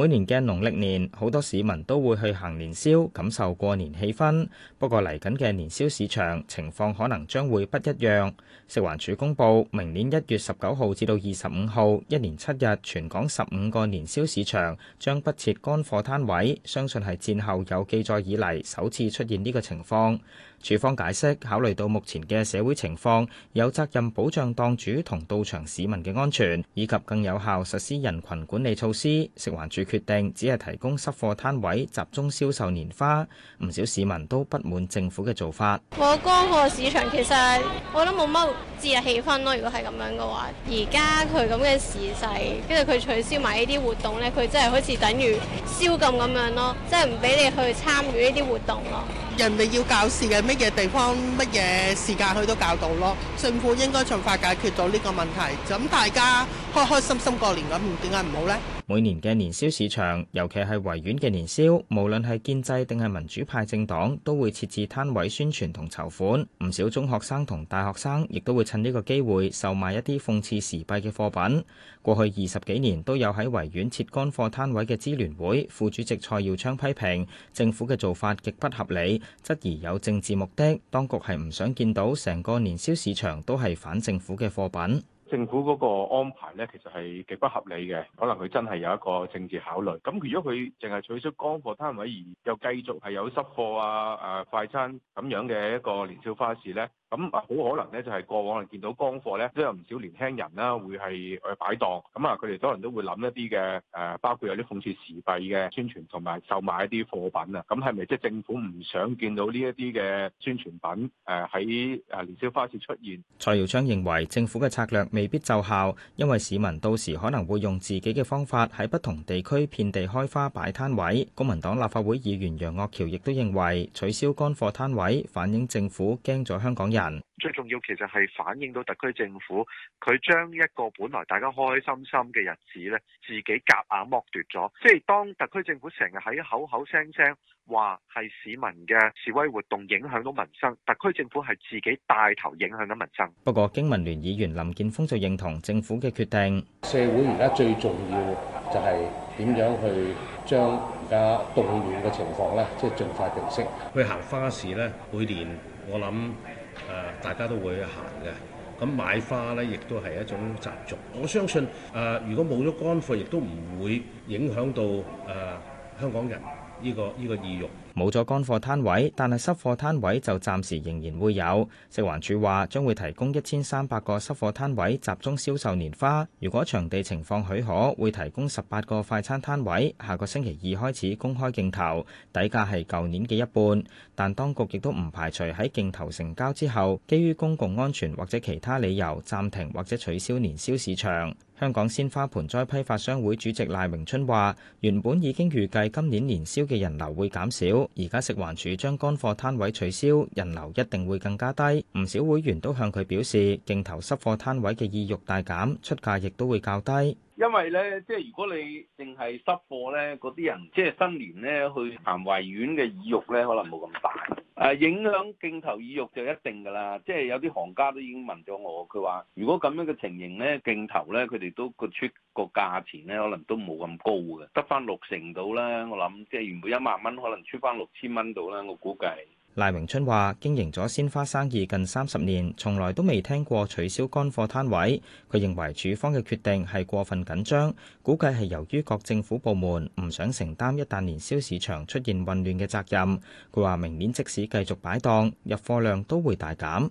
每年嘅農曆年，好多市民都會去行年宵，感受過年氣氛。不過嚟緊嘅年宵市場情況可能將會不一樣。食環署公布，明年一月十九號至到二十五號，一連七日，全港十五個年宵市場將不設乾貨攤位，相信係戰後有記載以嚟首次出現呢個情況。署方解釋，考慮到目前嘅社會情況，有責任保障檔主同到場市民嘅安全，以及更有效實施人群管理措施。食環署決定只係提供濕貨攤位，集中銷售年花。唔少市民都不滿政府嘅做法。我乾貨市場，其實我都冇乜節日氣氛咯。如果係咁樣嘅話，而家佢咁嘅時勢，跟住佢取消埋呢啲活動咧，佢真係好似等於宵禁咁樣咯，即係唔俾你去參與呢啲活動咯。人哋要搞事嘅乜嘢地方乜嘢時間佢都搞到咯。政府應該盡快解決到呢個問題，咁大家開開心心過年，咁點解唔好咧？每年嘅年宵市場，尤其係維園嘅年宵，無論係建制定係民主派政黨都會設置攤位宣傳同籌款。唔少中學生同大學生亦都會趁呢個機會售賣一啲諷刺時弊嘅貨品。過去二十幾年都有喺維園設乾貨攤位嘅支聯會副主席蔡耀昌批評政府嘅做法極不合理，質疑有政治目的，當局係唔想見到成個年宵市場都係反政府嘅貨品。政府嗰個安排咧，其實係極不合理嘅。可能佢真係有一個政治考慮，咁如果佢淨係取消乾貨攤位，而又繼續係有濕貨啊、誒快餐咁樣嘅一個年宵花市咧，咁好可能咧就係過往見到乾貨咧都有唔少年輕人啦，會係去擺檔，咁啊，佢哋可能都會諗一啲嘅誒，包括有啲諷刺時弊嘅宣傳同埋售賣一啲貨品啊。咁係咪即係政府唔想見到呢一啲嘅宣傳品誒喺誒年宵花市出現？蔡耀昌認為政府嘅策略，未必奏效，因為市民到時可能會用自己嘅方法喺不同地區遍地開花擺攤位。公民黨立法會議員楊岳橋亦都認為取消乾貨攤位反映政府驚咗香港人。最重要其實係反映到特區政府，佢將一個本來大家開開心心嘅日子咧，自己夾硬硬剝奪咗。即係當特區政府成日喺口口聲聲話係市民嘅示威活動影響到民生，特區政府係自己帶頭影響到民生。不過，經民聯議員林健鋒就認同政府嘅決定。社會而家最重要就係點樣去將而家動亂嘅情況咧，即係盡快平息。去行花市咧，每年我諗。誒、呃，大家都會行嘅，咁買花呢亦都係一種習俗。我相信誒、呃，如果冇咗乾貨，亦都唔會影響到誒、呃、香港人呢、呢個依、呢個意欲。冇咗乾貨攤位，但係濕貨攤位就暫時仍然會有。食環署話將會提供一千三百個濕貨攤位集中銷售年花。如果場地情況許可，會提供十八個快餐攤位。下個星期二開始公開競投，底價係舊年嘅一半。但當局亦都唔排除喺競投成交之後，基於公共安全或者其他理由，暫停或者取消年宵市場。香港鮮花盆栽批發商會主席賴榮春話：原本已經預計今年年宵嘅人流會減少。而家食環署將乾貨攤位取消，人流一定會更加低。唔少會員都向佢表示，競投濕貨攤位嘅意欲大減，出價亦都會較低。因為咧，即係如果你淨係濕貨咧，嗰啲人即係新年咧去行維園嘅意欲咧，可能冇咁大。誒、啊，影響競投意欲就一定㗎啦。即係有啲行家都已經問咗我，佢話如果咁樣嘅情形咧，競投咧，佢哋都個出個價錢咧，可能都冇咁高嘅，得返六成到啦。我諗即係原本一萬蚊，可能出返六千蚊到啦。我估計。賴榮春話：經營咗鮮花生意近三十年，從來都未聽過取消乾貨攤位。佢認為署方嘅決定係過分緊張，估計係由於各政府部門唔想承擔一旦年宵市場出現混亂嘅責任。佢話明年即使繼續擺檔，入貨量都會大減。